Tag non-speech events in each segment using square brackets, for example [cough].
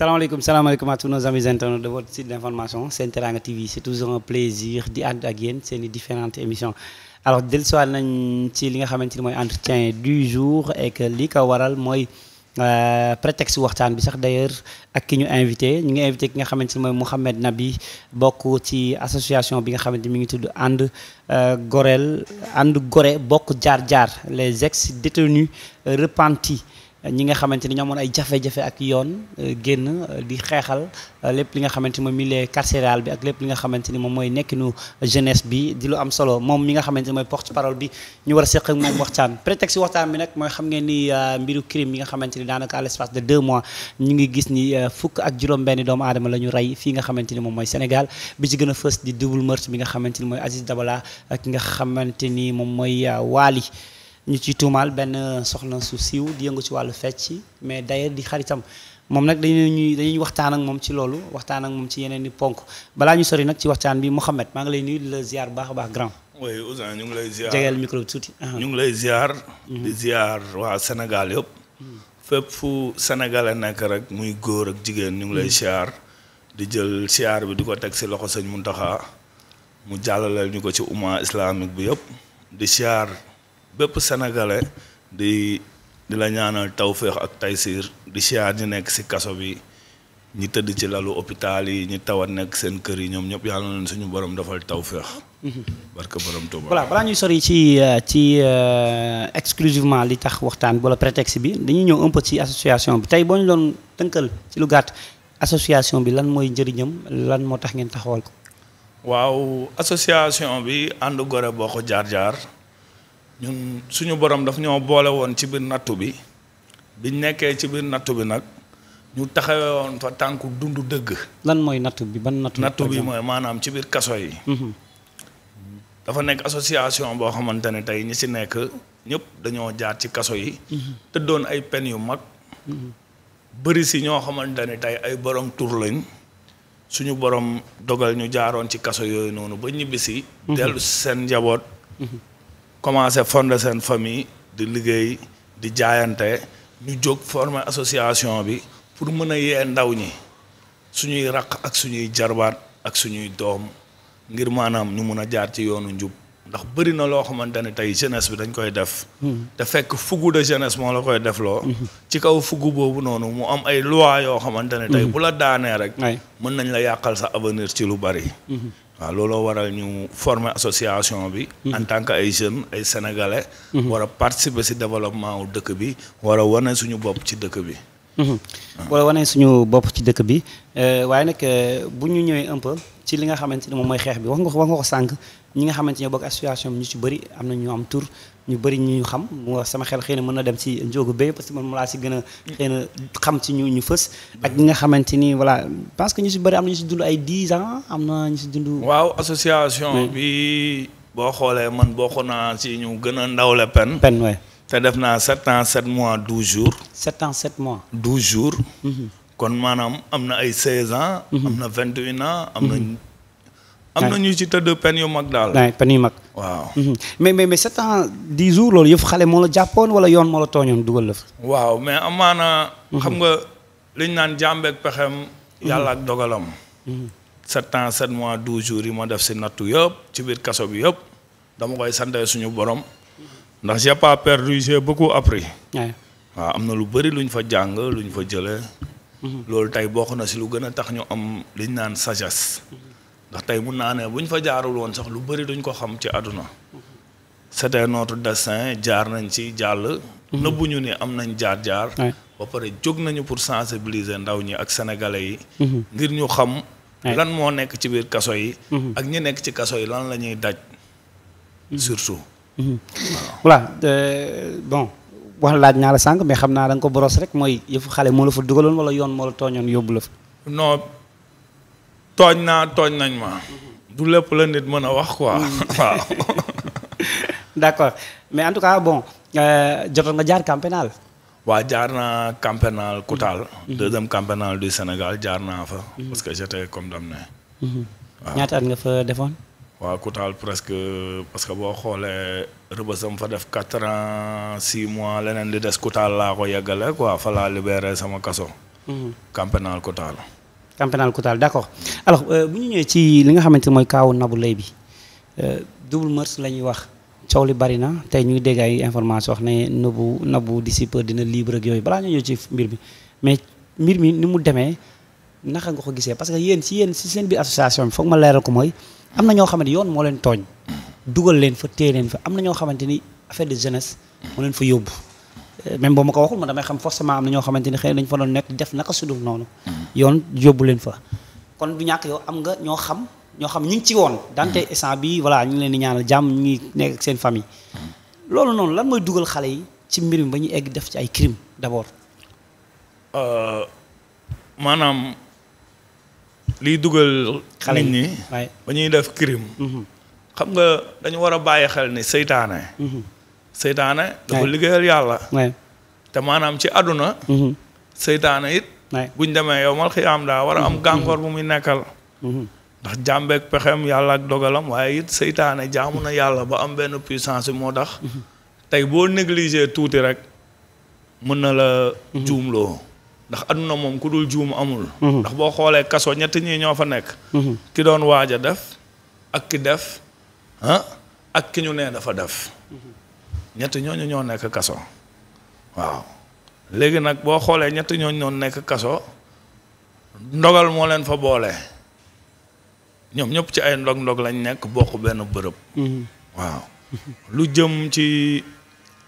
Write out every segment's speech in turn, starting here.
salaamaaleykum salaamaaleykum à tous nos amis internautes de votre site d'information Sen Teranga TV c'est toujours un plaisir di ànd ak yéen seen i différentes émissions alors dellusiwaat nañ ci li nga xamante ni mooy entretien du jour et li ko waral mooy euh, prétexte waxtaan bi sax d'ailleurs ak ki ñu invité ñu ngi invité ki nga xamante ni mooy Mouhamed Nabi bokk ci association bi nga xamante ni mi ngi tudd ànd euh, gorel ànd gore bokk jaar-jaar les ex détenus repentis ñi nga xamante ni ñoo amoon ay jafe-jafe ak yoon euh, génn euh, di xeexal euh, lépp li nga xamante ni moom milieu carcéral bi ak lépp li nga xamante ni moom mooy nekkinu jeunesse bi di lu am solo moom mi nga xamante mooy porte-parole bi ñu war a seq ak moom waxtaan prétexte waxtaan bi nag mooy xam ngeen ni mbiru crime yi nga xamante ni daanaka à l'espace de deux mois ñu ngi gis ni fukk ak juróom benni doomu aadama la ñu rey fii nga xamante ni moom mooy Sénégal bi ci gën a fës di double meurtre bi nga xamante ni mooy Aziz Dabala ak ki nga xamante ni moom mooy Waly ñu ci tuumaal benn soxna su siiw di yëngu ci wàllu fecc mais d'ailleurs di xaritam moom nag dañu ñuy dañuy waxtaan ak moom ci loolu waxtaan ak moom ci yeneen i ponk balaa ñu sori nag ci waxtaan bi Mouhamed maa ngi lay nuyu di la ziar bu baax a baax grand. oui Ousin ñu ngi lay ziar jegeel micro tuuti. ñu ngi lay ziar. Mhm. di waa Sénégal yëpp. Mhm. fépp fu sénégalais nekk rek muy góor ak jigéen ñu ngi lay mhm. ziar. di jël ziar bi di ko teg si loxo sëñ Mountakha mu jàllaleel ñu ko ci umma islamique bi yëpp di ziar. bépp sénégalais di di la ñaanal tawféex ak taysiir di siyaar ñi nekk si kaso bi ñu tëdd ci lalu hôpital yi ñu tawat nekk seen kër yi ñoom ñëpp yàlla na leen suñu borom dafal tawféex. barke borom Tuuba. voilà balaa ñuy sori ci euh, ci euh, exclusivement li tax waxtaan bi wala prétexte bi dañuy ñëw un ci association bi tey boo ñu doon tënkal ci lu gàtt association bi lan mooy njëriñam lan moo tax ngeen taxawal ko. waaw association bi ànd gore boo ko jaar jaar. ñun suñu borom dafa ñoo boole woon ci biir nattu bi biñ nekkee ci biir nattu bi nag ñu taxawee woon fa tànku dund dëgg. lan mooy nattu bi ban nattu. nattu bi mooy maanaam ci biir kaso yi. Mhm. dafa nekk association boo xamante ne tey ñi si nekk ñëpp dañoo jaar ci kaso yi. Mhm. tëddoon ay pen yu mag. Mhm. bëri si ñoo xamante ne tey ay borom tur lañ suñu borom dogal ñu jaaroon ci kaso yooyu noonu ba ñibbisi. dellu seen njaboot. commencé fonder seen famille di liggéey di jaayante ñu jóg former association bi pour mën a yee ndaw ñi suñuy raq ak suñuy jarbaat ak suñuy doom ngir maanaam ñu mun a jaar ci yoonu njub ndax bëri na loo xamante ne tey jeunesse bi dañ koy def. Hmm. te fekk fugu de jeunesse moo la koy defloo. Hmm. ci kaw fugu boobu noonu mu am ay loi yoo xamante ne. tey hmm. bu la daanee rek. mën nañ la yàqal sa avenir ci lu bari. waaw looloo waral ñu former association bi. Mhm. en tant que ay jeunes ay sénégalais. Mhm. war a participer ci développement wu dëkk bi war a wane suñu bopp ci dëkk bi. Mhm. Ah. wala wane suñu bopp ci dëkk bi euh, waaye nag euh, bu ñu ñëwee un peu ci li nga xamante ne moom mooy xeex bi wax nga ko wax nga ko sànq ñi nga xamante ne bokk association bi ñu ci bëri am na ñu am tur ñu bëri ñu xam sama xel xëy na mën na dem ci njóogu béy parce que man mu laa si gën a xam ci ñu ñu fës ak ñi nga xamante ni voilà parce que ñu si bëri am na ñu si dund ay 10 ans am na ñu si dund waaw association bi boo xoolee man bokk naa si ñu gën a ndaw la pen pen waay te def naa sept ans sept mois douze jours sept ans sept mois douze jours mhm. kon maanaam am na ay seize ans mhm. am na vingt u un ans am na mhm. am na ñu ci tëdd pen yu mag daal. waaw pen yu mag. waaw. Mhm. mais mais mais sept ans dix jours loolu yëpp xale moo la jàppoon wala yoon moo la tooñoon dugal la fa. waaw mais amaana. Mhm. xam nga liñ naan jàmbeeg pexem. Mhm. yàlla ak dogalam. sept ans sept mois douze jour yi ma def si nattu yëpp ci biir kaso bi yëpp dama koy sante suñu borom. ndax j'ai pas perdu j'ai beaucoup appris. waaw am na lu bëri luñ fa jàng luñ fa jëlee. loolu tey bokk na si lu gën a tax ñu am liñ naan sagesse. ndax tey mun naa ne bu ñu fa jaarul woon sax lu bëri duñ ko xam ci àdduna c'était notre destin jaar nañ ci jàll mhm. ñu ni am nañ jaar-jaar ba pare jóg nañu pour sensibiliser ndaw ñi ak sénégalais yi mhm. ngir ñu xam lan moo nekk ci biir kaso yi mhm. ak ñi nekk ci kaso yi lan la ñuy daj surtout voilà euh, bon wax laaj naa la sànq mais xam naa da ko boros rek mooy yëfu xale moo la fa dugaloon wala yoon moo la tooñoon yóbbu la fa tooñ naa tooñ nañ ma. du lépp la nit mën a wax quoi mm. [laughs] waaw. [laughs] d'accord mais en tout cas bon euh, jotoon nga jaar camp pénal. jaar naa camp pénal Koutal. Mm-hmm. Mm-hmm. deuxième camp pénal Sénégal jaar naa fa. Mm-hmm. parce que j'étais condamné. waaw ñaata at nga fa defoon. waaw Koutal presque parce que boo xoolee rëbësam fa def quatre ans six mois leneen di des Koutal laa ko yeggale quoi fa laa libéré sama kaso. camp pénal camp pénal Koutal d' accord alors euh, bu ñu ñëwee ci li nga xamante mooy kaawu Nabou Leye bi euh, double meurtre la wax coow li bari na tey ñu ngi dégg ay information wax ne Nabou Nabou d'ici peu dina libre ak yooyu balaa ñu ñëw ci mbir mi mais mbir mi ni mu demee naka nga ko gisee parce que yéen si yéen si seen biir association bi foog ma leeral ko mooy am na ñoo xamante yoon moo leen tooñ dugal leen fa téye leen fa am na ñoo xamante ni affaire de jeunesse moo leen fa même boo ma ko waxul ma damay xam forcément am na ñoo xamante nekk def naka sudul noonu yoon yóbbu leen fa kon du ñàkk yow am nga ñoo xam ñoo xam ñu ci woon dante mm-hmm. instant bi voilà ñu leen di ñaanal jàmm ñu nekk seen famille mm-hmm. loolu noonu lan mooy dugal xale yi ci mbir mi ba ñuy egg def ci ay crime d'abord euh, maanaam liy dugal xale nit ñi ba ñuy def crime mm-hmm. xam nga dañu war a bàyyi xel ni seytaane seytaane dafa liggéeyal yàlla te maanaam ci àdduna mm-hmm. seytaane it buñ demee yow mal xiyaam daa war a am mm-hmm. gàngoor bu muy nekkal mm-hmm. ndax jàmbeek pexem yàlla ak dogalam waaye it seytaane jaamu na yàlla ba am benn puissance bi moo tax tey boo négligé tuuti rek mën na la juumloo ndax àdduna moom ku dul juum amul ndax boo xoolee kaso ñett ñi ñoo fa nekk ki doon waaj a def ak ki def ah ak ki ñu nee dafa def ñett ñooñu ñoo nekk kaso waaw léegi nag boo xoolee ñett ñooñu ñoo nekk kaso ndogal moo leen fa boole ñoom ñëpp ci ay ndog-ndog lañ nekk bokk benn bërëb. Mhm. waaw lu jëm ci.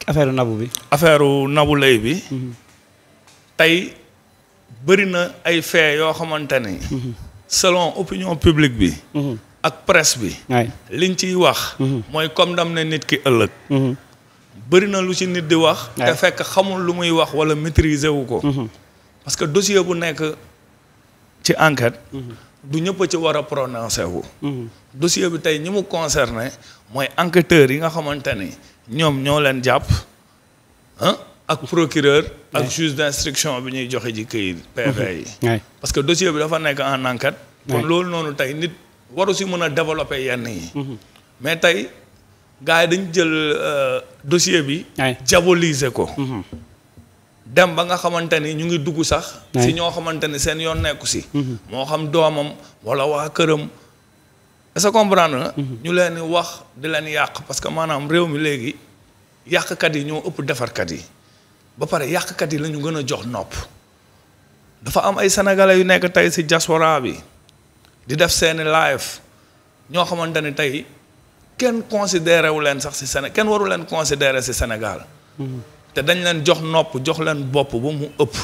affaire nabu bi. affaire nabu lay bi. Mhm. tey bëri na ay fee yoo xamante ni. Mhm. selon opinion publique bi. ak presse bi. liñ ciy wax. mooy comme dam ne nit ki ëllëg. bëri na lu ci nit di wax. te fekk xamul lu muy wax wala maîtriser wu ko. Mm-hmm. parce que dossier bu nekk ci enquête. Mm-hmm. du ñëpp ci war a prononcé wu. Mm-hmm. dossier bi tey ñi mu concerné mooy enquêteurs yi nga xamante ni ñoom ñoo leen jàpp ah ak procureur. ak juge d'instruction bi ñuy joxe ji këyit PV yi. parce que dossier bi dafa nekk en enquête. kon loolu noonu tey nit waru si mën a développer yenn yi. mais tey. gars yi dañ jël euh, dossier bi. diaboliser ko. Mm-hmm. dem ba nga xamante ni ñu ngi dugg sax. si ñoo xamante ni seen yoon nekku si. Mm-hmm. moo xam doomam wala waa këram. est-ce que mm-hmm. ñu leen wax di leen yàq parce que maanaam réew mi léegi yàqkat yi ñoo ëpp defarkat yi ba pare yàqkat yi lañu gën a jox nopp. dafa am ay sénégalais yu nekk tey si diaspora bi di def seeni live ñoo xamante ni tey. kenn considéré wu leen sax si Sénégal kenn waru leen considéré si Sénégal. te dañ leen jox nopp jox leen bopp ba mu ëpp.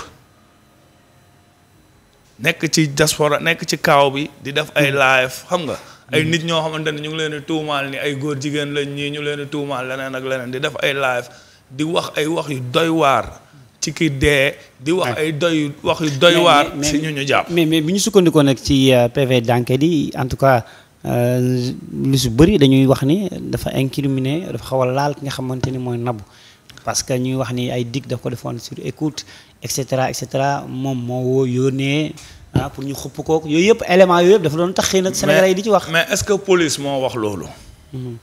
nekk ci diaspora nekk ci kaaw bi di def ay live xam nga. ay nit ñoo xamante ne ñu ngi leen di tuumaal ni ay góor jigéen lañ ñii ñu leen di tuumaal leneen ak leneen di def ay live di wax ay wax yu doy waar. ci kii dee di wax ay doy wax yu doy waar. si ñu ñu jàpp mais mais bi ñu sukkandikoo nag ci euh, PV d'enquête yi en tout cas. Euh, lu su bëri dañuy wax ni dafa incriminé dafa xaw a laal ki nga xamante ni mooy nabu parce que ñuy wax ni ay dig daf ko defoon sur écoute et cetera et cetera moom moo woo yónnee ah, pour ñu xupp kook yooyu yëpp élément yooyu yëpp dafa doon tax xëy nag Sénégalais yi di ci wax. mais est-ce que police moo wax loolu. Mm-hmm.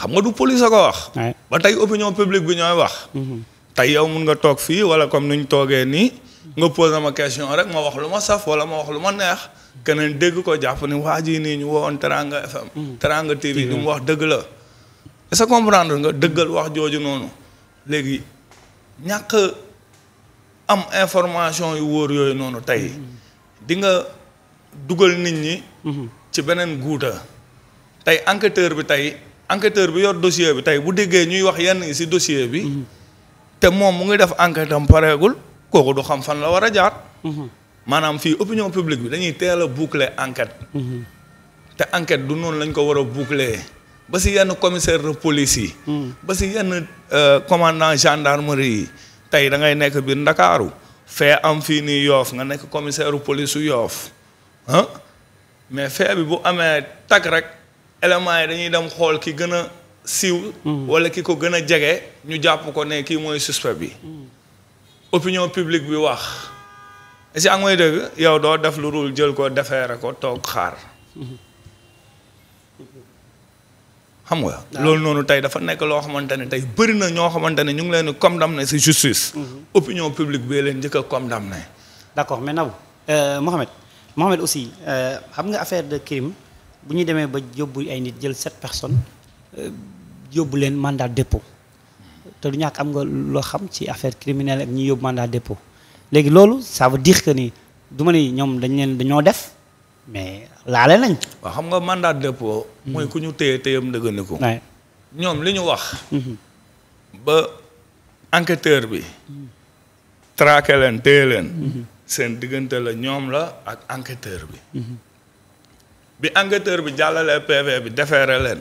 xam nga du police a wax. ba tey opinion publique bi ñooy wax. Mm-hmm. tey yow mun nga toog fii wala comme ni ñu toogee nii. nga posé ma question rek ma wax lu ma saf wala ma wax lu ma neex. keneen dégg ko jàpp ne waa jii nii ñu wowoon Teranga FM. Mm. Teranga TV mu wax dëgg la. est-ce nga dëggal wax jooju noonu léegi ñàkk am information yu wóor yooyu noonu tey mm. di nga dugal nit ñi. Mm-hmm. ci beneen guuta tey enquêteur bi tey enquêteur bi yor dossier bi tey bu déggee ñuy wax yenn si ci bi. Mm-hmm. te moom mu ngi def enquête am pareegul kooku du xam fan la war a jaar. Mm-hmm. maanaam fii opinion publique bi dañuy teel a boucler enquête. te enquête du noonu lañ ko war a boucler ba si yenn commissaire de police yi. ba si yenn euh, commandant gendarmerie yi tey da ngay nekk biir Ndakaaru fee am fii nii yoof nga nekk commissaire police yu yoof mais fee bi bu amee tag rek éléments yi dañuy dem xool ki gën a siiw. wala ki ko gën a jege ñu jàpp ko ne kii mooy suspect bi. opinion publique bi wax. si ak may dëgg yow doo def lu dul jël ko defeere ko toog xaar xam nga loolu noonu tey dafa nekk loo xamante ne tey bëri na ñoo xamante ne ñu ngi leen di condamné si justice mhm. opinion publique bi leen njëkk a condamné d'accord mais Nabou euh, Mohamed Mohamed aussi euh, xam nga affaire de crime bu ñu demee ba yóbbu ay nit jël sept personnes euh, yóbbu leen mandat dépôt te du ñàkk am nga loo xam ci affaire criminelle ak ñi yóbbu mandat dépôt léegi loolu ça veut dire que ni du ma ñoom dañ leen dañoo def mais laale nañ. waaw xam nga mandat de dépôt. mooy ku ñu téye téyam ko ñoom li ñu wax. Mhm. ba enqueteur bi. traqué leen téye leen. Mhm. seen diggante la ñoom la ak enqueteur bi. Mhm. bi enquêteur bi jàllale PV bi defeere leen.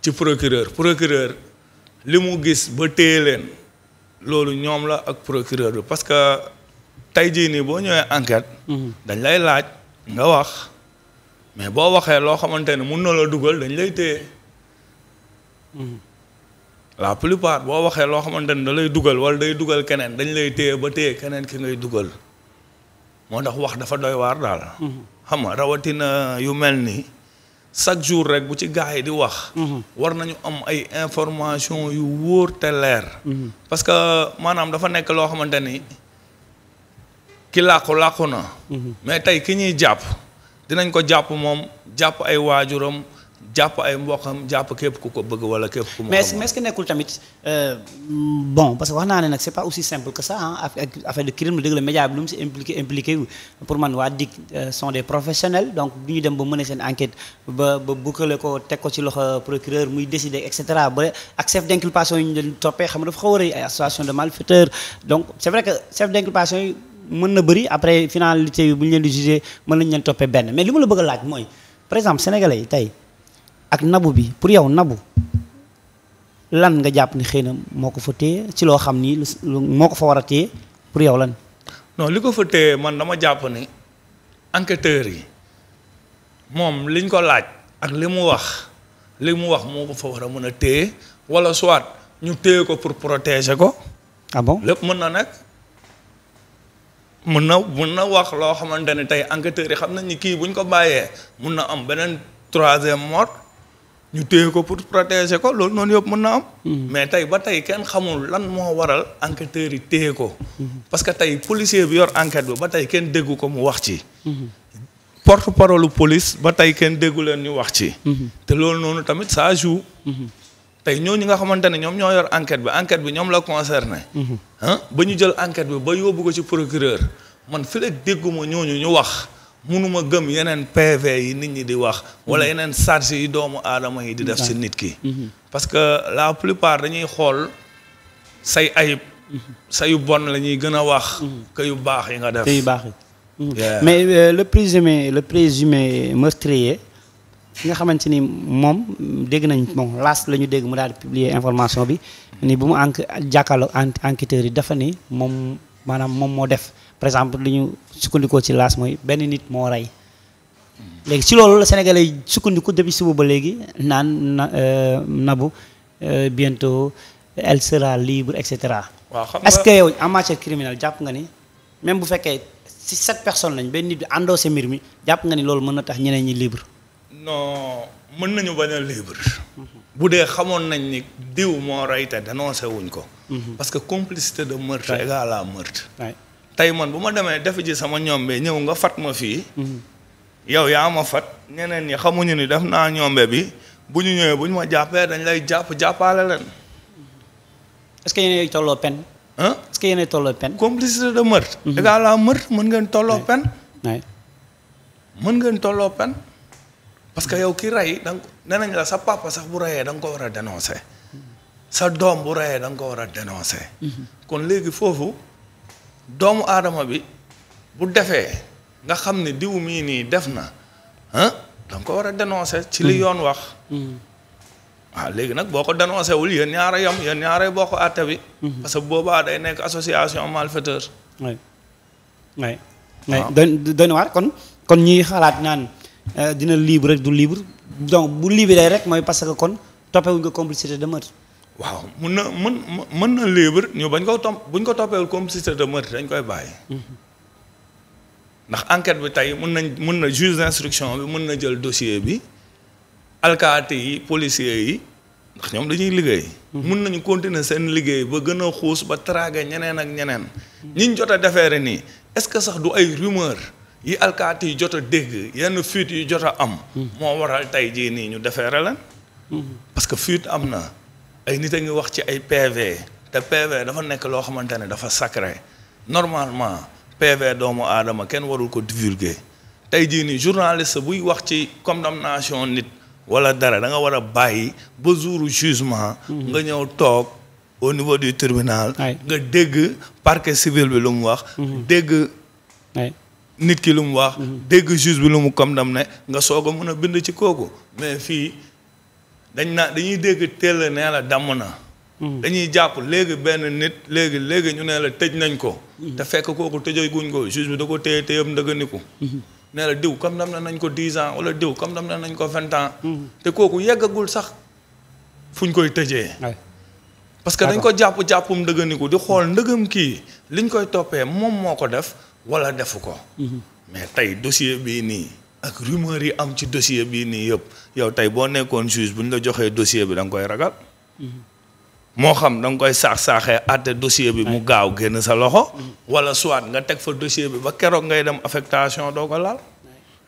ci procureur procureur li mu gis ba téye leen. loolu ñoom la ak procureur bi parce tey jii nii boo ñëwee enquête. Mhm. dañ lay laaj nga wax mais boo waxee loo xamante ne mun na la dugal dañ lay téye. Mhm. la plupart boo waxee loo xamante ne da lay dugal wala day dugal keneen dañ lay téye ba téye keneen ki ngay dugal moo tax wax dafa doy waar daal. Mhm. xam nga rawatina yu mel nii chaque jour rek bu ci gaa yi di wax. war nañu am ay information yu wóor te leer. parce maanaam dafa nekk loo xamante ni. ki làqu làqu na. Mhm. mais tey ki ñuy jàpp dinañ ko jàpp moom jàpp ay waajuram jàpp ay mboqam jàpp képp ku ko bëgg wala képp ku. mu mais mais est nekkul tamit euh, bon parce que wax naa ne nag c'est pas aussi simple que ça ah affaire de crime dëgg la média bi si impliqué impliqué pour man waa DIC euh, sont des professionnels donc du ñu dem ba mener seen enquête ba ba bukkale ko teg ko ci loxo procureur muy décider et cetera ba ak chef d'inculpation yi ñu doon toppee xam nga dafa xaw a de malfaiteurs donc mën na bëri après finalité bi bu ñu leen di jugé mën nañ leen toppee benn mais li ma la bëgg laaj mooy par exemple sénégalais yi tey ak nabu bi pour yow nabu lan nga jàpp ni xëy na moo ko fa téye ci loo xam ni moo ko fa war a téye pour yow lan. non li ko fa téye man dama jàpp ni enquêteurs yi moom liñ ko laaj ak li mu wax li mu wax moo ko fa war a mën a téye wala soit ñu téye ko pour protéger ko. ah bon lépp mën na nekk. mun na mun na wax loo xamante ni tey enquêteurs yi xam nañ ni kii buñ ko bàyyee mun na am beneen troisième mort ñu téye ko pour protéger ko loolu noonu yëpp mun na am. Mm-hmm. mais tey ba tey kenn xamul lan moo waral enquêteurs yi téye ko. Mm-hmm. parce que tey policier bi yor enquête bi ba tey kenn déggu ko mu wax ci. Mm-hmm. porte parole police ba tey kenn déggu leen ñu wax ci. te loolu noonu tamit ça jour tey ñooñu nga xamante ne ñoom ñoo yor enquête bi enquête bi ñoom la concerné. ah ba ñu jël enquête bi ba yóbbu ko ci procureur man fi rek dégguma ñooñu ñu wax munuma gëm yeneen PV yi nit ñi di wax. wala mhm. yeneen charge yi doomu aadama yi di def si nit ki. Mhm. parce que la plupart dañuy xool say ayib. sa yu bon la ñuy gën a wax. que yu baax yi nga def. yu baax yi mais euh, le présumé le présumé meurtrier. ki nga xamante ni moom dégg nañ moom laas la ñu dégg mu daal di publier information bi nii bu mu enk enq jàkkaarloo enquêteurs yi dafa ni moom maanaam moom moo def par exemple lu ñu sukkandikoo ci laas mooy benn nit moo rey léegi si loolu la Sénégalais sukkandiku depuis suba ba léegi naan na euh, nabu euh, bientôt elle sera libre et cetera. est-ce que yow en matière criminelle jàpp nga ni même bu fekkee si sept personnes lañ benn nit bi àndoo sa mbir mi jàpp nga ni loolu mën na tax ñeneen ñi libre. non mën nañu bañ a libre. bu dee xamoon nañ ni diw moo rey danoo dénoncé wuñ ko. Mhm. parce que complicité de meurtre égale à meurtre. tey man bu ma demee def ji sama ñombe ñëw nga fat ma fii. Mhm. yow yaa ma fat ñeneen ñi xamuñu ni def naa ñombe bi bu ñu ñëwee bu ñu ma jàppee dañ lay jàpp jàppaale leen. que yéen tolloo pen. est-ce que de meurtre. Mhm. égale à mën ngeen tolloo pen. mën ngeen tolloo pen. parce que yow ki rey da nee nañ sa papa sax bu reyee da ko war a dénoncer sa doom bu reyee danga ko war a dénoncer. kon léegi foofu doomu aadama bi bu defee nga xam ne diw mii nii def na hmm. hmm. ah da ko war a dénoncer. ci li yoon wax. waaw léegi nag boo ko dénoncé wul yéen ñaara yam yéen ñaara boo ko àtte bi. Hmm. parce boobaa day nekk association malfaiteur. oui oui. doy doy na waar kon kon ñiy xalaat naan. Euh, dina libre rek du libre donc bu libéré rek mooy parce que kon toppewuñ nga complicité de meurtre. waaw mun na mën mën na libre ñu bañ koo tom buñ ko toppewul complicité de meurtre dañ koy bàyyi. Mhm. ndax enquête bi tey mun nañ mun na juge d'instruction bi mun na jël dossier bi alkaati yi policiers yi ndax ñoom dañuy liggéey. Mhm. mun nañu continuer seen liggéey ba gën a xuus ba tragué ñeneen ak ñeneen. ñiñ jot a defeere nii est-ce que sax du ay rumeur. yi alkaati jot a dégg yenn fuite yi jot a am. moo waral tey jii nii ñu defeere leen. parce que fuite am na ay nit a ngi wax ci ay PV te PV dafa nekk loo xamante ne dafa sacré normalement PV doomu aadama kenn warul ko divulguer tey jii nii journaliste buy wax ci condamnation nit wala dara da nga war a bàyyi ba jouru jugement. nga ñëw toog. au niveau du tribunal. nga dégg parquet civil bi lu mu wax. Mhm. dégg. nit ki lu mu wax. Mhm. dégg juge bi lu mu comme ne nga soog a mën a bind ci kooku mais fii dañ naa dañuy dégg teel nee la damm na. Mhm. dañuy jàpp léegi benn nit léegi léegi ñu ne la tëj nañ ko. Mhm. te fekk kooku tëjee guñ ko juge bi da ko téye téyam ndëgëniku. nee la diw condamné nañ ko dix ans wala diw condamné nañ ko vingt ans. te kooku yeggagul sax fuñ koy tëjee. parce que dañ ko jàpp jàppum ndëgëniku di xool ndëgëm kii liñ koy toppee moom moo ko def. wala defu ko. Mhm. mais tey dossier bii nii. ak rumeur yi am ci dossier bii nii yëpp yow tey boo nekkoon juge bu ñu la joxee dossier bi da nga koy ragal. Mhm. moo xam da nga koy saax saaxee àtte dossier bi mu gaaw génn sa loxo. Mhm. wala soit nga teg fa dossier bi ba keroog ngay dem affectation doo ko laal.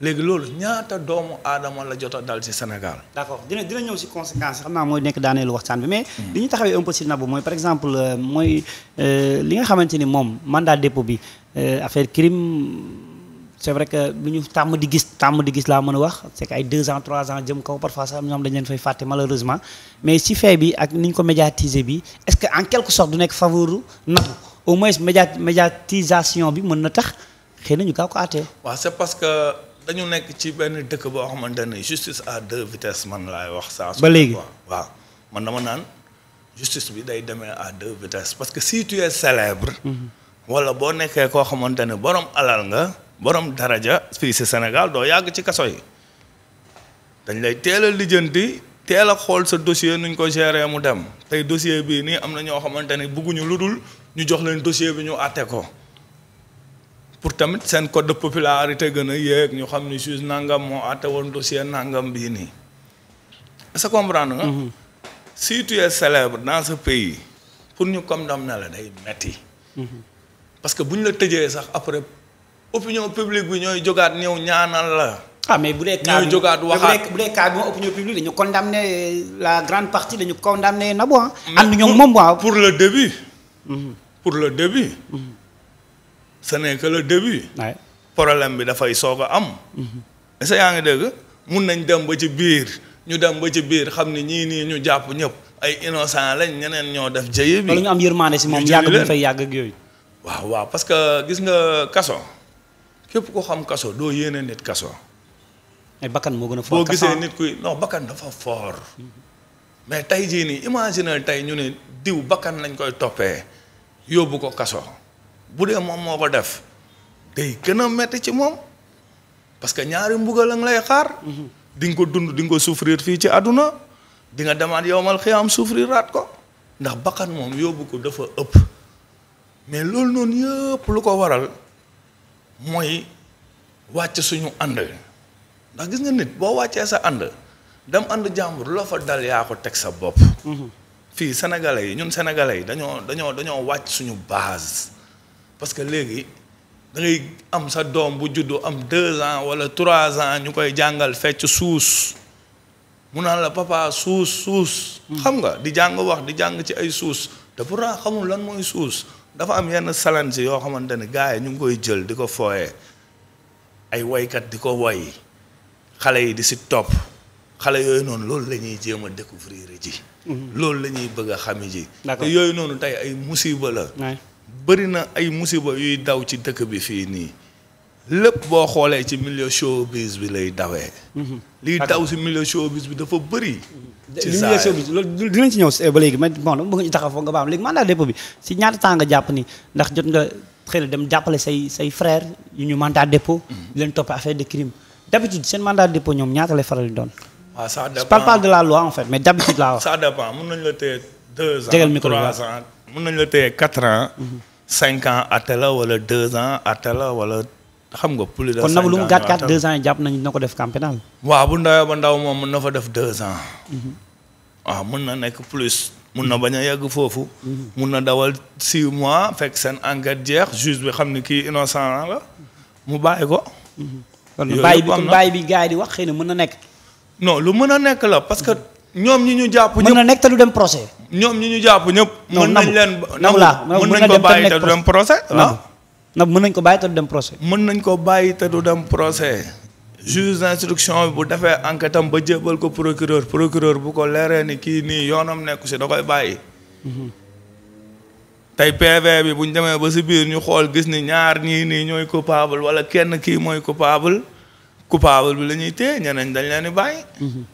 léegi loolu ñaata doomu aadama la jot a dal ci Sénégal. d' accord dina dina ñëw ci conséquence xam naa mooy nekk daaneelu waxtaan bi mais. Hmm. li mooy euh, euh, li nga xamante ni moom mandat dépôt bi euh, affaire crime. c' est vrai que lu ñu tàmm di gis tàmm di gis laa mën a wax c' est que ay deux ans trois ans jëm kaw parfois sax ñoom dañ leen fay fàtte malheureusement mais si fait bi ak ni ñu ko médiatiser bi est ce que en quelque sorte du nekk faveur Nabou au moins médiatisation bi mën na tax xëy na ñu gaaw dañu nekk ci benn dëkk boo xamante ne justice à deux vitesses man laay wax saa su ba léegi waaw man dama naan justice bi day demee à deux vitesses parce que situ tu es célèbre mhm. wala boo nekkee koo xamante ne borom alal nga borom daraja fii si Sénégal doo yàgg ci kaso yi dañ lay teel a lijjanti teel a xool sa dossier nuñ ko gérer mu dem tey dossier bii nii am na ñoo xamante ne bëgguñu dul ñu jox leen dossier bi ñu àtte ko pour tamit seen code de popularité gën a yéeg ñu xam ni juge nangam moo àtte woon dossier nangam bii nii est-ce que comprendre nga mhm. célèbre dans ce pays pour ñu condamner la day metti mhm. parce que bu ñu la tëjee sax après opinion publique bi ñooy jogaat ñëw ñaanal la ah, mais bu dee cas ñooy jógaat waxaat bi moom opinion publique dañu condamné la grande partie dañu condamné Nabou am na ñoom moom waaw pour le début mhm. pour le début ce n'est que le début. problème bi dafay soog a am. Mm-hmm. est-ce que yaa ngi dégg mun nañ dem ba ci biir ñu dem ba ci biir xam ni ñii nii ñu jàpp ñëpp ay innocent lañ ñeneen ñoo def jëye bi. wala ñu am yërmande si moom yàgg bu fay yàgg ak yooyu. waaw waaw parce que gis nga kaso képp ko xam kaso doo yéene nit kaso. bakkan moo gën a fort boo gisee nit kuy non bakkan dafa fort. Mm-hmm. mais tey jii nii imaginer tey ñu ne diw bakkan lañ koy toppee yóbbu ko kaso. bu dee moom moo ko def day gën a metti ci moom parce que ñaari mbugal a ngi lay xaar. Mhm. di nga ko dund di nga ko souffrir fii ci àdduna di nga demaat yowmal xiyaam souffrir raat ko ndax bakkan moom yóbbu ko dafa ëpp mais loolu noonu yëpp lu ko waral mooy wàcc suñu ànd ndax gis nga nit boo wàccee sa ànd dem ànd jàmbur loo fa dal yaa ko teg sa bopp. Mhm. fii sénégalais yi ñun sénégalais yi dañoo dañoo dañoo wàcc suñu base. parce que léegi da am sa doom bu juddu am deux ans wala trois ans ñu koy jàngal fecc suus mu naan la papa suus suus. Hmm. xam nga di jàng wax di jàng ci ay suus te pour xamul lan mooy suus dafa am yenn challenge yoo xamante ne gars ñu ngi koy jël di ko fooyee ay woykat di ko woy xale yi di si topp xale yooyu noonu loolu lañuy ñuy jéem a découvrir ji. Hmm. loolu la ñuy bëgg a xami ji. te yooyu noonu tey ay musiba la. bari na ay musiba yuy daw ci dëkk bi fii nii lépp boo xoolee ci milieu showbiz bi lay dawee. Mhm. liy daw si milieu showbiz bi dafa bëri. ci saa milieu showbiz loolu dinañ ci ñëw eh, ba léegi mais bon dama bëgg ñu taxaw foofu nga baam léegi mandat dépôt bi si ñaata temps nga jàpp ni ndax jot nga xëy na dem jàppale say say frère yu ñu mandat dépôt. Mhm. di leen topp affaire de crime d'habitude seen mandat dépôt ñoom ñaata lay faral doon. waaw ah, ça de la loi en fait mais d'habitude la téye deux ans trois ans mën nañ la téye quatre ans. cinq ans atte la wala deux ans atte la wala xam nga. plus de kon nag lu mu gàtt gàtt deux ans jàpp nañu na ko def camp waaw bu ndawee ba ndaw moom mën na fa def deux ans. Mhm. waaw mën na nekk plus. mun na bañ a yegg foofu. mun mhm. na dawal six mois fekk seen enquête jeex juge bi xam ne kii innocent la mu bàyyi ko. Mhm. kon bàyyi bi comme bi gars yi di wax xëy na mën na nekk. non lu mën a nekk la parce ñoom ñi ñu jàpp ñëpp mën na nekk te du dem procès. ñoom ñi ñu jàpp ñëpp. mën nañ leen nangu ah? mën nañ ko bàyyi te du dem procès ah. na mën nañ ko bàyyi dem procès. mën nañ ko bàyyi te du dem procès. juge d'instruction bu defee enquête am ba jébbal ko procureur procureur bu ko leeree ni kii nii yoonam nekku si da koy bàyyi. Mhm. tey PV bi bu ñu demee ba si biir ñu xool gis ni ñaar ñii nii ñooy coupable wala kenn kii mooy coupable coupable bi la ñuy téye ñeneen dañ leen di bàyyi. Mhm.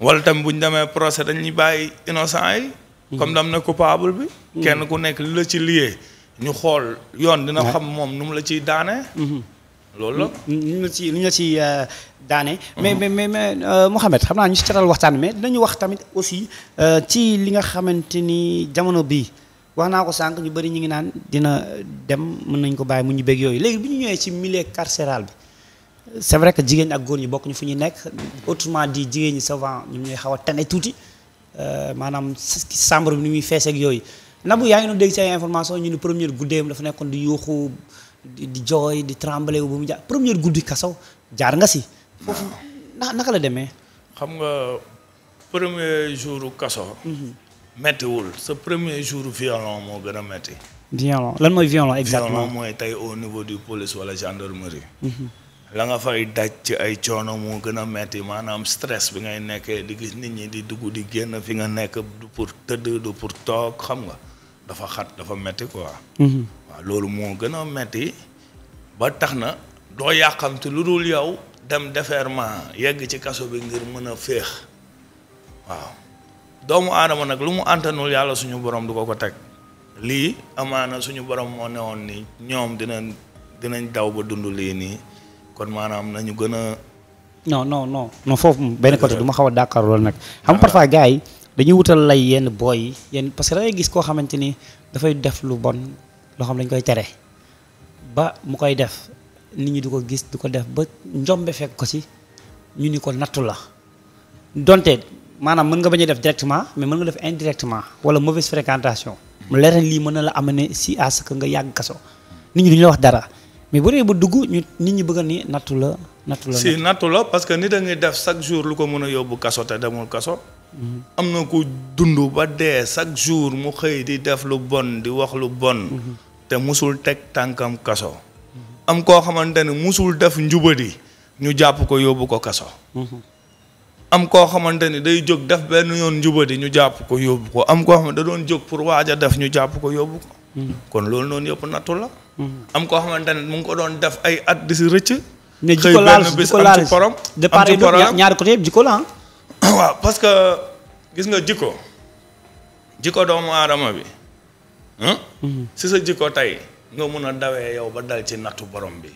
wala tamit bu ñu demee procès dañuy bàyyi innocent yi. Mhm. comme dam na coupable bi. Mhm. kenn ku nekk li la ci lié ñu xool yoon dina xam moom nu mu la ciy daanee. Mhm. loolu la lu ñu la ci euh, daane. mais mais mais mais euh, Mouhamed xam naa ñu si catal waxtaan mais dinañu wax tamit aussi euh, ci li nga xamante ni jamono bii. wax naa ko sànq ñu bari ñu ngi naan dina dem mën nañ ko bàyyi mu ñu bëgg yooyu léegi bu ñu ñëwee ci milieu carcéral bi c'est vrai que jigéen ñi ak góor ñi bokk ñu fu ñu nekk autrement di jigéen ñi souvent ñoom ñooy xaw a tane tuuti euh, maanaam chambre bi ni muy feeseek yooyu Nabou yaa ngi doon dégg ci ay information ñu ni première guddeem dafa nekkoon di yuuxu di jooy di tremblé wu ba mu jaar première guddi kasaw jaar nga si foofu naka la demee xam nga premier jour kaso méttiwul mhm. sa premier jour violent moo gën a métti violent lan mooy violent exactement violent mooy tey au niveau du police wala gendarmerie mhm. la nga fay daj ci ay coono moo gën a metti maanaam stress bi ngay nekkee di gis nit ñi di dugg di génn fi nga nekk du pour tëdd du pour toog xam nga dafa xat dafa metti quoi. Mhm. waaw loolu moo gën a metti ba tax na doo yàqamti lu dul yow dem déferment yegg ci kaso bi ngir mën a féex waaw doomu aadama nag lu mu àntanul yàlla suñu borom du ko ko teg lii amaana suñu borom moo ne woon nii ñoom dinañ dinañ daw ba dund lii nii. kon maanaam nañu gën a. non non no foofu benn côté euh, du ma xaw a d'accord nag. xam parfois gars yi dañuy wutal lay yenn booy yi yenn parce que da gis koo xamante ni dafay def lu bon loo xam dañ koy tere ba mu koy def nit ñi du ko gis du ko def ba njombe fekk ko si ñu ni ko nattu la donte. maanaam mën nga bañ a def directement mais mën nga def indirectement wala mauvaise fréquentation. mu leer lii mën na la amener si à nga yàgg kaso. nit ñi duñu la wax dara mais bu dee ba dugg ñu nit ñi bëgg ni nattu la nattu si nattu la parce que nit a ngi def chaque jour lu ko mën a yóbbu kaso te demul kaso. Mhm. am na ku dund ba dee chaque jour mu xëy di def lu bon di wax lu bon. Mhm. te musul teg tànkam kaso. am koo xamante ne musul def njubadi ñu jàpp ko yóbbu ko kaso. Mhm. am koo xamante ni day jóg def benn yoon njubadi ñu jàpp ko yóbbu ko am koo xamante da doon jóg pour waaj a def ñu jàpp ko yóbbu ko. kon loolu noonu yëpp nattu la. Mm-hmm. am koo xamante ne mu ngi ko doon def ay at di si rëcc. xëy benn bis am ci porom ne ji ko laal ñaari côté yëpp ji ko la ah. [coughs] waaw parce que gis nga jikko jikko doomu aadama bi. Mm-hmm. si sa jikko tey nga mun a dawee yow ba dal ci nattu borom bi.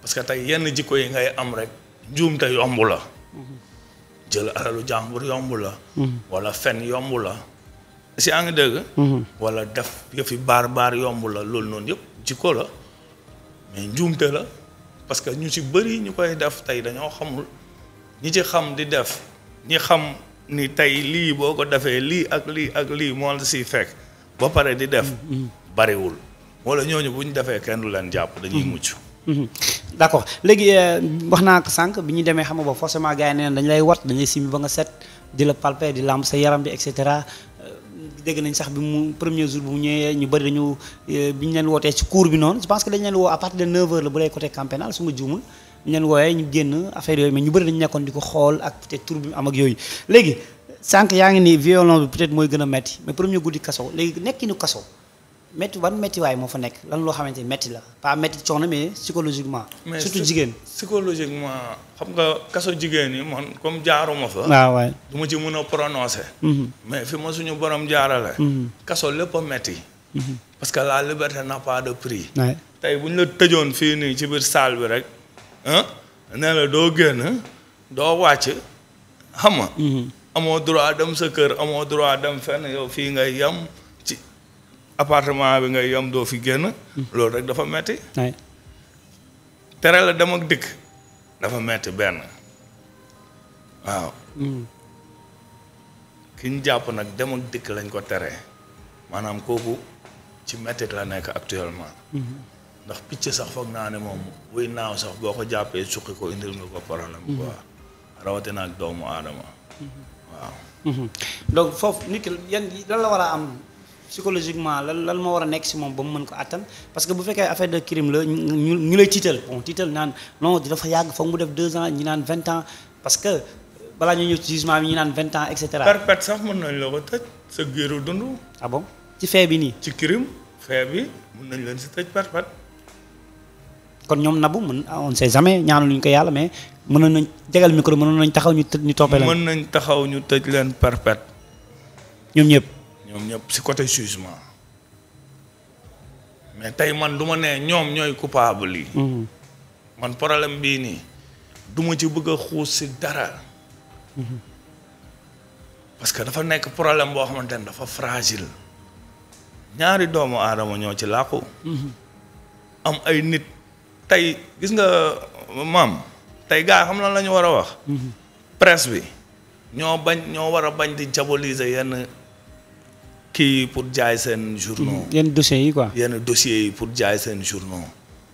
parce que tey yenn jikko yi ngay am rek njuumte yomb la. Mm-hmm. jël alalu jàmbur yomb la. wala fen yomb la. si yaa ngi dégg. Mhm. wala def yëfi baar baar yomb la loolu noonu yëpp jikko la mais njuumte la parce que ñu si bëri ñu koy def tey dañoo xamul ñi ci xam di def ñi xam ni tey lii boo ko defee lii ak lii ak lii moo la siy fekk ba pare di def. Mhm, mhm. bariwul wala ñooñu bu ñu defee kenn du leen jàpp. dañuy mucc. d'accord léegi euh, wax naa ko bi ñu demee xam nga ba forcément gars yi neen dañu lay wat dañu lay simi ba nga set di la palper di lamb sa yaram bi et cetera dégg nañ sax bi mu premier jour bu mu ñëwee ñu bëri dañu eh, bi ñu leen wootee ci cours bi noonu je pense que dañ leen woo à partir de 9 côté camp pénal su ma juumul ñu leen wooyee ñu génn affaire yooyu mais ñu bëri dañu nekkoon di ko xool ak peut-être tour bi am ak yooyu léegi sànq yaa ngi ni violon bi peut-être mooy gën a metti mais premier guddi kaso léegi nekki ñu kaso métti ban méttiwaay moo fa nekk lan loo xamante ni métti la pas métti coono mais psychologiquement. surtout jigéen psychologiquement xam nga kaso jigéen yi man comme jaaruma fa. waaw ah, waay du ma ci mën a prononcer. Mm-hmm. mais fi ma suñu borom jaarale. Mm-hmm. kaso lépp a métti. Mm-hmm. parce que la liberté n'a pas de prix. tey bu ñu la tëjoon fii nii ci biir salle bi rek nee la doo génn doo wàcc xam nga. amoo droit dem sa kër amoo droit dem fenn yow fii ngay yem. appartement bi ngay yom doo fi génn. loolu rek dafa metti tere la dem ak dikk dafa metti benn waaw. Hmm. ki ñu jàpp nag dem ak dikk lañ ko tere maanaam kooku ci mettit la nekk actuellement. Hmm. ndax picc sax foog naa ne moom buy naaw sax boo ko jàppee suqi ko indil nga ko problème. waaw hmm. rawatina ak doomu aadama. waaw. donc foofu nit ki la war a am. psychologiquement lan lan ma war a nekk si moom ba mu mën ko attan parce que bu fekkee affaire de crime la ñu ñu lay tiital bon tiital naan non dafa yàgg foog mu def deux ans ñi naan vingt ans parce que balaa ñu ñëw ci jugement bi ñu naan vingt ans et cetera. perpète sax mën nañ la ko tëj sa géeru dund. ah bon ci fee bi nii. ci crime fee bi mun nañ leen si tëj perpète. kon ñoom nabu mun on sait jamais ñaanuñu ko yàlla mais mënoon nañ jegal micro mënoon nañ taxaw ñu tëj ñu toppee leen. mën nañ taxaw ñu tëj leen perpète. ñoom ñëpp. ñoom ñëpp si coté jugement mais tey man du ma nee ñoom ñooy coupable yi. Mhm. man problème bii nii du ci bëgg a xuus si dara. Mhm. parce que dafa nekk problème boo xamante dafa fragile. ñaari doomu aadama ñoo ci làqu. Mhm. am ay nit tey gis nga maam tey gars xam lan la ñu war a wax. presse bi ñoo bañ ñoo war bañ di diaboliser yenn. kii pour jaay seen journaux mm-hmm. yenn dossiers yi quoi yenn dossiers yi pour jaay seen journaux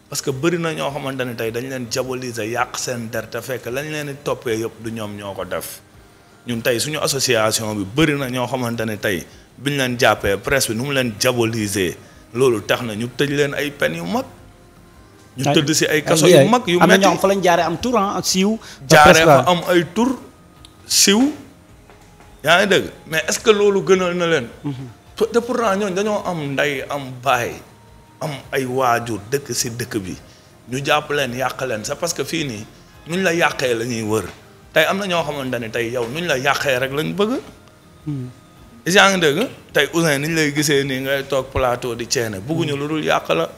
parce que bëri na ñoo xamante ne tey dañu leen diaboliser yàq seen der te fekk lañ leen toppee yëpp du ñoom ñoo ko def ñun tey suñu association bi bëri na ñoo xamante ne tey buñ leen jàppee presque nu mu leen diaboliser loolu tax na ñu tëj leen ay pen yu mag ñu tëdd si ay kaso yu mag yu metti am na ñoo xam fa lañ jaaree am tur ah siiw jaaree fa am ay tur siiw yaa ngi dëgg mais est-ce que loolu gënal na leen. Mhm. te pourtant ñooñu dañoo am ndey am baay am ay waajur dëkk si dëkk bi ñu jàpp leen yàq leen c'est parce que fii nii nuñ la yàqee la ñuy wër tey am na ñoo xamante ne tey yow nuñ la yàqee rek lañu bëgg. is mhm. yaa ngi dégg tey Ouzin niñ lay gisee nii ngay toog plateau di ceene bugguñu mhm. lu dul yàq la.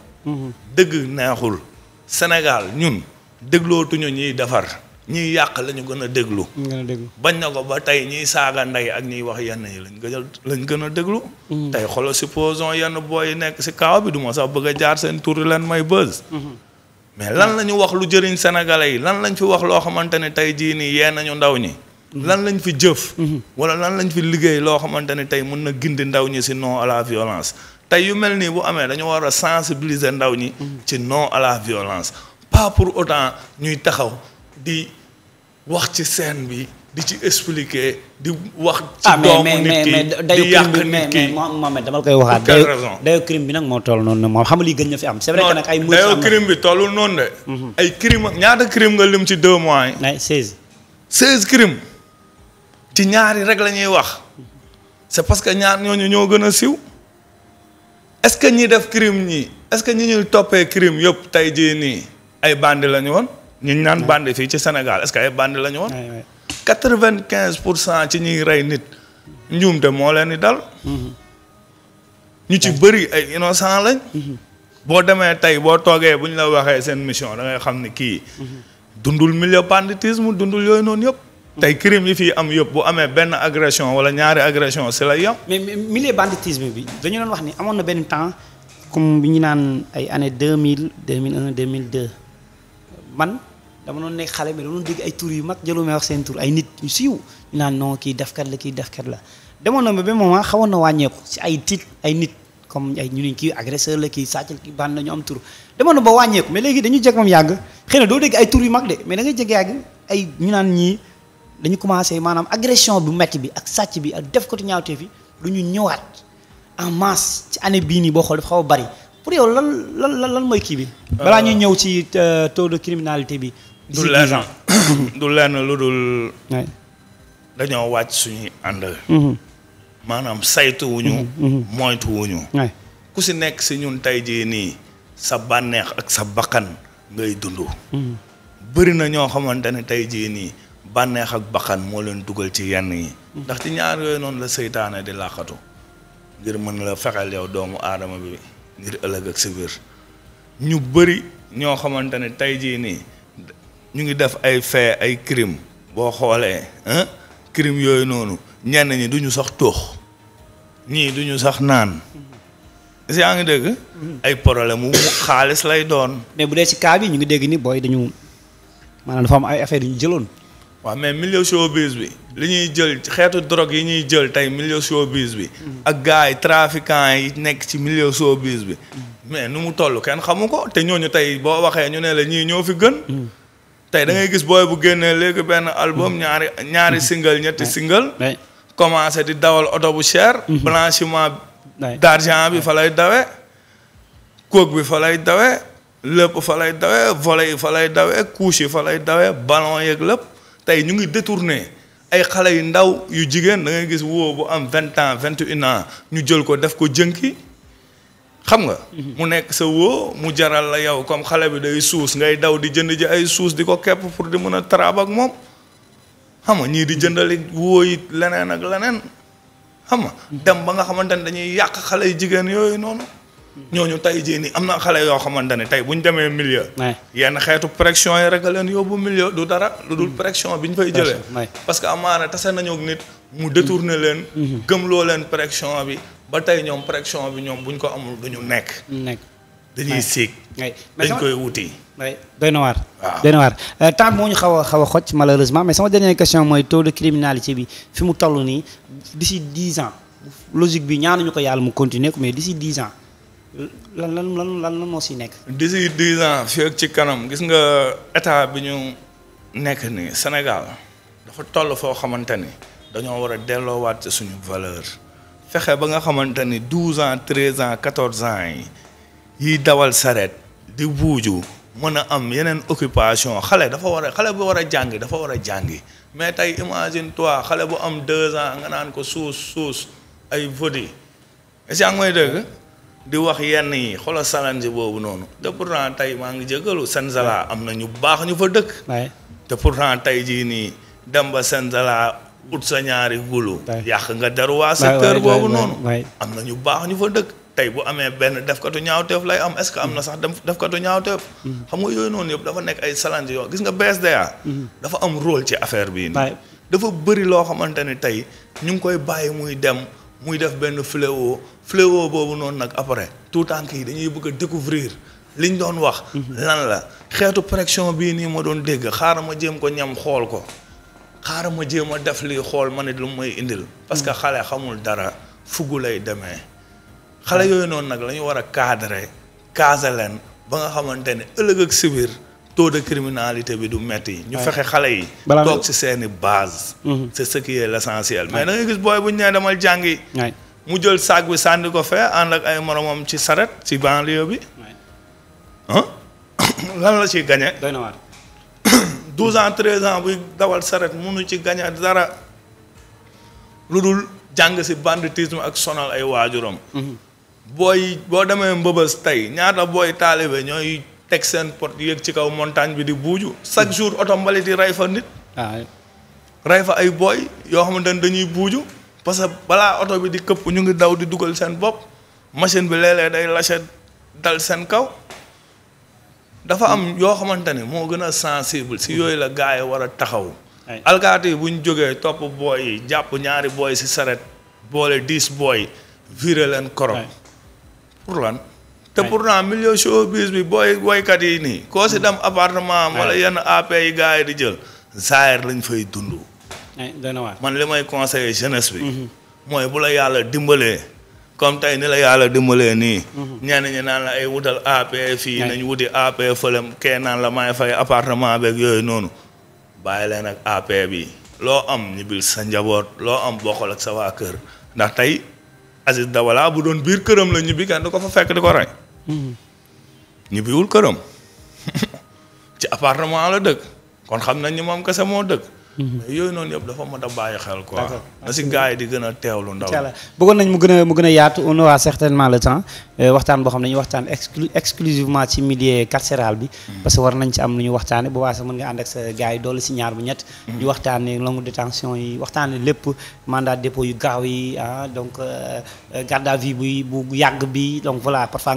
dëgg neexul Sénégal ñun déglootuñu ñuy defar. ñiy yàq la ñu gën a déglu. bañ na ko ba tey ñiy saaga ndey ak ñiy wax yenn yi lañ gën a lañ gën a déglu. Mm-hmm. tey xoolal supposons yenn booy yi nekk si kaaw bi du ma sax bëgg a jaar seen tur leen may buzz. Mm-hmm. mais lan la ñu wax lu jëriñ sénégalais yi lan lañ fi wax loo xamante ne tey jii nii yee nañu ndaw ñi. Mm-hmm. lan lañ fi jëf. wala lan lañ fi liggéey loo xamante ne tey mën na gindi ndaw ñi si non à la violence tey yu mel nii bu amee dañu war a sensibiliser ndaw ñi. ci non à la violence. pas pour autant ñuy taxaw. di wax ci scène bi di ci expliquer di wax. ci ah, doomu nit ki di yàq nit ki ah mais mais dama koy waxaat. dayo dayo crime bi nag moo toll noonu moom xam nga lii gën ñoo fi am. c'est vrai que nag ay mœurs am dayo crime bi tollul noonu de. Mhm. ay crime ñaata crime nga lim ci deux mois yi. ay seize. seize crime ci ñaari rek lañuy wax c'est parce que ñaar ñooñu ñoo gën a siw est-ce que ñi def crime ñi est-ce que ñi ñuy toppee kirim yëpp tey jii nii ay bandi la ñu woon. ñu naan bande fii ci Sénégal est-ce que ay bande la ñu woon. quatre-vingt-quinze pour cent ci ñuy rey nit njuumte moo leen di dal. Mm-hmm. ñu ci bëri ay innocent lañ. Mm-hmm. boo demee tey boo toogee bu ñu la waxee seen mission da ngay xam ne kii. Mm-hmm. dundul milieu banditisme dundul yooyu noonu yëpp. tey crime yi fii am yëpp bu amee benn agression wala ñaari agression si la yem. mais milieu banditisme bi dañu doon wax ni amoon na benn temps comme bi ñu naan ay années deux mille deux mille un deux mille deux man. dama doon nekk xale bi dama doon dégg ay tur yu mag jëlumee wax seen tur ay nit ñu siiw ñu naan non kii defkat la kii defkat la demoon na ba moom moment xawoon na wàññeeku si ay tiit ay nit comme ay ñu ne kii agresseur la kii sàcc la kii bànn la ñu am tur demoon na ba léegi dañu jeg yàgg xëy doo dégg ay tur yu mag de mais da ngay jeg ay ñu naan ñii dañu commencé maanaam agression bu metti bi ak sàcc bi ak def ko tu ñaawtee lu ñu ñëwaat en masse ci année bii nii boo xool dafa xaw a bari pour yow lan lan lan mooy kii bi euh, balaa ñuy ñëw ci euh, taux de criminalité bi du lenn [coughs] du lenn lu dul. dañoo wàcc suñuy ànd. Mm-hmm. maanaam saytu wuñu. moytu mm-hmm, mm-hmm. wuñu. ku si nekk si ñun tey jii nii sa bànneex ak sa bakkan ngay dund. bëri na ñoo xamante ne tey jii nii bànneex ak bakkan moo leen dugal ci yenn yi. ndax ci ñaar yooyu noonu la seytaane di làqatu ngir mën la fexeel yow doomu aadama bi ngir ëllëg ak si biir ñu bëri ñoo xamante ne tey jii nii. ñu ngi def ay fait ay crime boo xoolee crime yooyu noonu ñenn ñi duñu sax tóox ñii duñu sax naan si yaa ngi dégg ay problème mu xaalis lay doon mais bu dee ci cas yi ñu ngi dégg ni booy dañu maanaam dafa ay affaire yu ñu jëloon waaw mais milieu showbiz bi li ñuy jël xeetu drogue yi ñuy jël tey milieu showbiz bi ak gars yi trafiquants yi nekk ci milieu showbiz bi mais nu mu toll kenn xamu ko te ñooñu tey boo waxee ñu ne la ñii ñoo fi gën tey da ngay gis booy bu génnee léegi benn album mm-hmm. ñaari ñaari mm-hmm. single ñetti single commencé di dawal oto bu cher mm-hmm. blanchiment d'argent bi fa lay dawe coke bi fa lay dawee lépp fa lay dawee volet yi fa lay dawee couche yi fa lay dawee ballon yeeg lépp tey ñu ngi détourné ay xale yu ndaw yu jigéen da ngay gis woo bu am vingt ans vingt et un ñu jël ko def ko jënki xam nga. mu nekk sa woo mu jaral la yow comme xale bi day suus ngay daw di jënd ji ay suus di ko kepp pour di mën a taraab ak moom xam nga ñii di jëndali woo leneen ak leneen xam nga. dem ba nga xamante ne dañuy yàq xale yu jigéen yooyu noonu. ñooñu tey jii nii am na xale yoo xamante ne tey bu ñu demee milieu. yenn xeetu pression yi rek a leen yóbbu milieu du dara. Mm-hmm. lu dul pression bi ñu fay jëlee. parce que amaana tase nañu nit mu détourné leen. Mm-hmm. gëmloo leen pression bi. ba tey ñoom prection bi ñoom bu ñu ko amul duñu nekk. nekk dañuy siig. dañ koy wuti. doy na waar. waar euh, temps bi moo ñu xaw a xaw a xoj malheureusement mais sama dernière question mooy taux de criminalité bi fi mu toll nii d'ici dix ans logique bi ñaanuñu ko yàlla mu continuer ko mais d'ici dix ans lan lan lan lan moo si nekk. d'ici dix ans fii ak ci kanam gis nga état bi ñu nekk nii Sénégal dafa toll foo xamante ni dañoo war a delloowaat suñu valeur. fexe ba nga xamante ni douze ans treize ans quatorze ans yi yiy dawal saret di buuju mën a am yeneen occupation xale dafa war xale bu war a jàngi dafa war a jàngi mais tey imagine trois xale bu am deux ans nga naan ko suus suus ay vodi est-ce que mooy dëgg di wax yenn yi xoolal salange boobu noonu te tey maa ngi jégalu Senzala am na ñu baax ñu fa dëkk. te pourtant jii nii dem ba Senzala ut sa ñaari gulu yàq nga daruwaa secteur boobu noonu am na ñu baax ñu fa dëkk tey bu amee benn defkatu ñaawteef lay am est-ce que am na sax defkatu ñaawteef mm-hmm. xam nga yooyu noonu yëpp dafa nekk ay salange yoo gis nga BSDA mm-hmm. dafa am role ci affaire bii nii dafa bëri loo xamante ni tey ñu ngi koy bàyyi muy dem muy def benn fléau fléau boobu noonu nag après tout tànk yi dañuy bëgg a découvrir liñ doon wax mm-hmm. lan la xeetu pression bii nii ma doon dégg xaaral ma jéem ko ñam xool ko xaaral ma jéem a def lii xool ma ne lu may indil. parce que mm. xale xamul dara fuggu lay demee. xale yooyu noonu nag la ñu war a cadrer caser leen ba nga xamante ne ëllëg ak si biir de criminalité bi du metti ñu fexe xale yi. toog ci seeni base. Mm-hmm. c'est ce qui est l'essentiel. mais da ngay gis booy bu ñu nee demal jàngi. mu jël saag bi sànni ko fee ànd ak ay moromam ci saret ci banlieue bi. ah [coughs] lan la ciy gañe 12 ans 13 ans buy dawal saret mënu ci gaña dara lu dul jàng si banditisme ak sonal ay waajuram mhm. booy boo demee mbëbës tey ñaata booy taalibe ñooy teg seen pot yéeg ci kaw montagne bi di buuju chaque mhm. jour oto mbali di rey fa nit rey fa ay booy yoo xamante ne dañuy buuju parce que balaa oto bi di këpp ñu ngi daw di dugal seen bopp machine bi léeg day lâché dal seen kaw dafa am yoo xamante ne moo gën a sensible si yooyu la gars yi war a taxaw. alkaati yi bu ñu jógee topp booy yi jàpp ñaari booy si saret boole dix booy viré leen korom. pour lan. te pourtant milieu showbiz bi booy woykat yi nii. koo si mm. dem appartement wala yenn AP yi gars yi di jël. zaayir lañ fay dund. man li may conseiller jeunesse bi. Mm-hmm. mooy bu la yàlla dimbalee. comme tey ni la yàlla dimbalee nii. Mhm. ñenn ñi naan la ay wutal AP fii nañ wuti AP fële kee naan la maay fay appartement beeg yooyu noonu bàyyi leen ak AP bi loo am ñibbil sa njaboot loo am bokkal ak sa waa kër ndax tey Aziz Dabala bu doon biir këram la ñibbi kenn du ko fa fekk di ko rey. Mhm. ñibbiwul këram [laughs] ci appartement la dëkk kon xam nañ ni moom kese moo dëkk. Mhm. mais yooyu noonu yëpp dafa mën a bàyyi xel quoi. na si gars yi di gën a teewlu ndaw. incha allah bëggoon nañ mu gën a mu gën a yaatu on aura certainement le temps. Euh, waxtaan boo xam ne dañuy waxtaan exclu exclusivement ci milieu carcéral bi mm. parce que war nañ ci am lu ñu waxtaane bu baax sax mën nga ànd ak sa gars yi dolli si ñaar bu ñett ñu mm. waxtaane longue détention yi waxtaane lépp mandat dépôt yu gaaw yi ah, donc euh, euh, garde à vue bu bu yàgg bi donc voilà xaw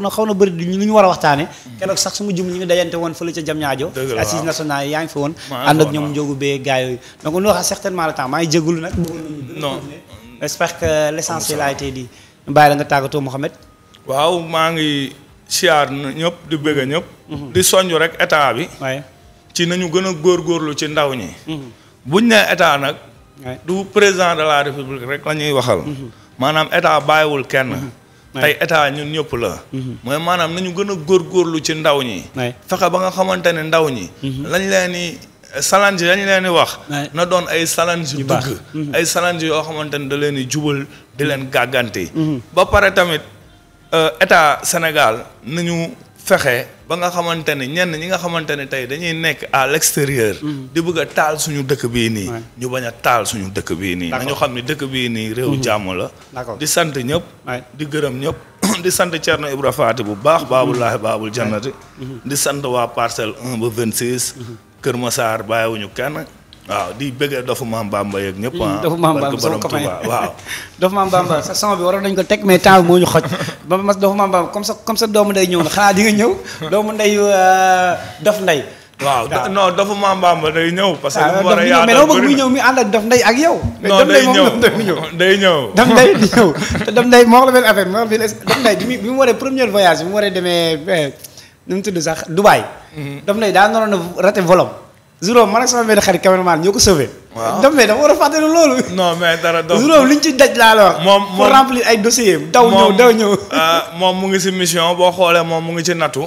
na xaw na bëri lu ñu war a waxtaane mm. keroog sax su ma jum ñi ngi dajante woon fële ca Diamniadio assises nationales yi yaa ngi fa woon ànd ak ñoom njógu bee gars yooyu donc j'espère que l'essentiel a été dit ñu bàyyi la nga tàggatoo Mouhamed waaw maa ngi siyaar ñëpp di bëgg ñëpp mhm. di soññ rek état bi ci nañu gën a góorgóorlu ci ndaw ñi mhm. buñ ne état nag du président de la république rek la ñuy waxal mhm. maanaam état bàyyiwul kenn tey état ñun ñëpp la mooy maanaam nañu gën a góorlu ci ndaw ñi fexe ba nga xamante ne ndaw ñi lañ leen salange dañu leen di wax na doon ay salange yu dëgg mhm. ay salange yoo xamante ne da leen di jubal di leen gàggante mhm. ba pare tamit euh, état Sénégal nañu fexe ba nga xamante ne ñenn ñi nga xamante ne tey dañuy nekk à l'extérieur mhm. di bëgg a taal suñu dëkk bii nii ñu bañ a taal suñu dëkk bii nii nañu xam ne dëkk bii nii réew jàmm la di sant ñëpp di gërëm ñëpp [coughs] di sant Thierno Ibra Faty bu baax baabulaahi baabul jannati di sant waa parcelle un ba vingt six Kër Massar bàyyiwuñu kenn. waaw di bëggee Dofu Maam Bamba yeeg ñëpp ah. Dofu Maam Bamba sama copain waaw. [laughs] Dofu Maam Bamba sa son bi a nañu ko teg mais temps bi moo ñu xoj. ba ma Dofu Maam Bamba comme sa comme sa doomu ndey ñëw na xanaa di nga ñëw. doomu ndey euh, Dof ndey. waaw non Dofu Maam Bamba day ñëw. parce que ah, mu war a yaatu mais dama bëgg muy ñëw mi ànd ak Dof ndey ak yow. non [laughs] day ñëw day ndey di ñëw. [laughs] te Dof ndey moo la benn affaire moo la benn Dof ndey bi mu waree première voyage bi mu waree demee. Eh, nu mu tudd sax Dubaï. Mhm. daf lay daa naroon a raté volom. Zuro man ak sama benn xarit cameraman ñoo ko sauvé. waaw daf lay dafa war a fàttali loolu. non mais dara dox Zuro liñ ci daj laa moom moom pour ay dossiers daw ñëw daw ñëw. Euh, moom mu ngi si mission boo xoolee moom mu ngi ci nattu.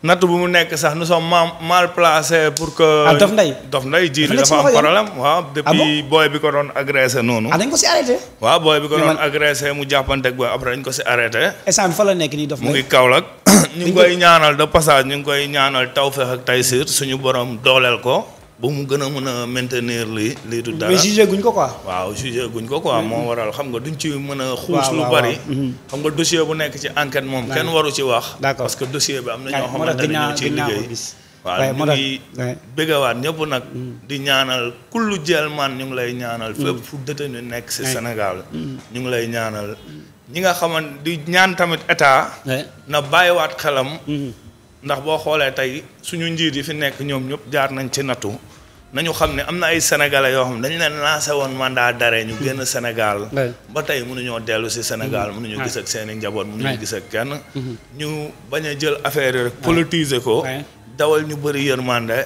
natt bi mu nekk sax nous sommes mal placés pour que. ah Dof Ndeye Dof Ndeye jiir dafa am problème waaw ah depuis booy bi ko doon agressé noonu. ah dañ ko si arrêté. waaw booy bi ko doon agressé mu jàppanteeg booy après dañ ko si arrêté. instant bi fa la nekk mu ngi Kaolack. [coughs] ñu ngi koy ñaanal de passage ñu ngi koy ñaanal tawfeex ak taysiir suñu boroom dooleel ko. ba mu gën a mën a maintenir li lii du dara mais jugé guñ ko quoi. waaw jugé guñ ko quoi mm-hmm. moo waral xam nga duñ ci mën a. xuus lu bari. Mm-hmm. xam nga dossier bu nekk ci enquête moom. kenn waru ci wax. d'accord parce que dossier bi am na ñoo xamante ne ñoo ciy liggéey. waaw ñu ngi nag. Mm. di ñaanal kullu jelmaan ñu ngi lay ñaanal. Mm. fépp fu détenu nekk ci Sénégal. Mm. ñu ngi lay ñaanal. ñi nga xamante di ñaan tamit état. na bàyyiwaat xelam. ndax boo xoolee tey suñu njiit yi fi nekk ñoom ñëpp jaar nañ ci nattu nañu xam ne am na ay sénégalais yoo xam ne dañu leen lancé woon mandat dare ñu génn Sénégal. ba tey mënuñoo dellu si Sénégal. Mm-hmm. mënuñu gis ak seen i njaboot mënuñu gis ak kenn. Mm-hmm. ñu bañ a jël affaire yi rek politiser ko. dawal ñu bëri yërmande.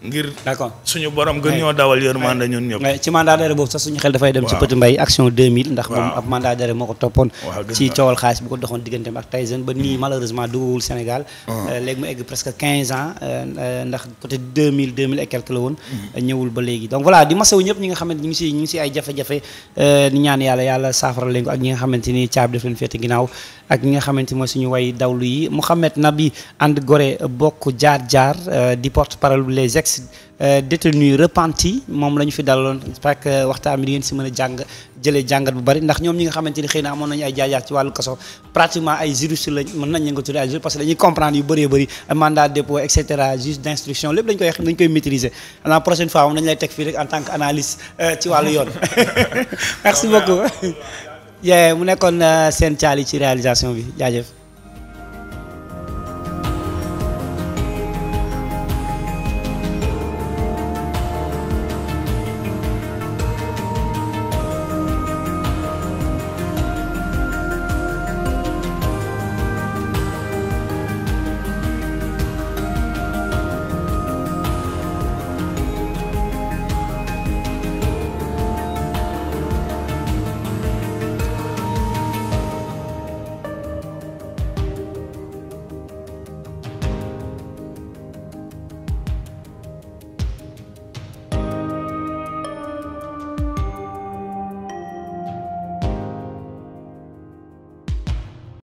ngir d'accord suñu borom gën ñoo dawal yërmande ñun ñëpp ci mandat d'arrêt boobu sax suñu xel dafay dem ci Petit Mbaye action 2000 ndax moom ab mandat d'arrêt moo ko toppoon ci coowal xaalis bu ko doxoon digganteem ak Tyson ba nii hmm. malheureusement dugagul Sénégal ah. euh, léegi mu egg presque 15 ans euh, euh, ndax côté 2000 2000 et quelque la woon hmm. ñëwul ba léegi donc voilà di masaw ñëpp ñi nga xam ne ngi si ñi ngi si ay jafe-jafe di ñaan yàlla yàlla saafara leen ak ñi nga xamante ni caabi def leen ak ñi nga xamante mooy suñu way dawlu yi Mouhamed Nabi ànd gore bokk jaar-jaar euh, di porte parole les ex euh, détenus repentis moom la ñu fi dalaloon parce que euh, waxtaan bi di ngeen si mën a jàng jële jàngat bu bari ndax ñoom ñi nga xamante ni xëy na amoon nañu ay jaar-jaar ci wàllu kaso pratiquement ay juristes lañ mën nañ leen ko tuddee ay juristes parce que dañuy comprendre yu bëree bëri mandat dépôt et cetera juge d'instruction lépp dañ koy dañ koy maîtriser la prochaine fois moom dañ lay ci wàllu yoon [laughs] [laughs] yee mu nekkoon euh, seen caali ci réalisation bi jaajëf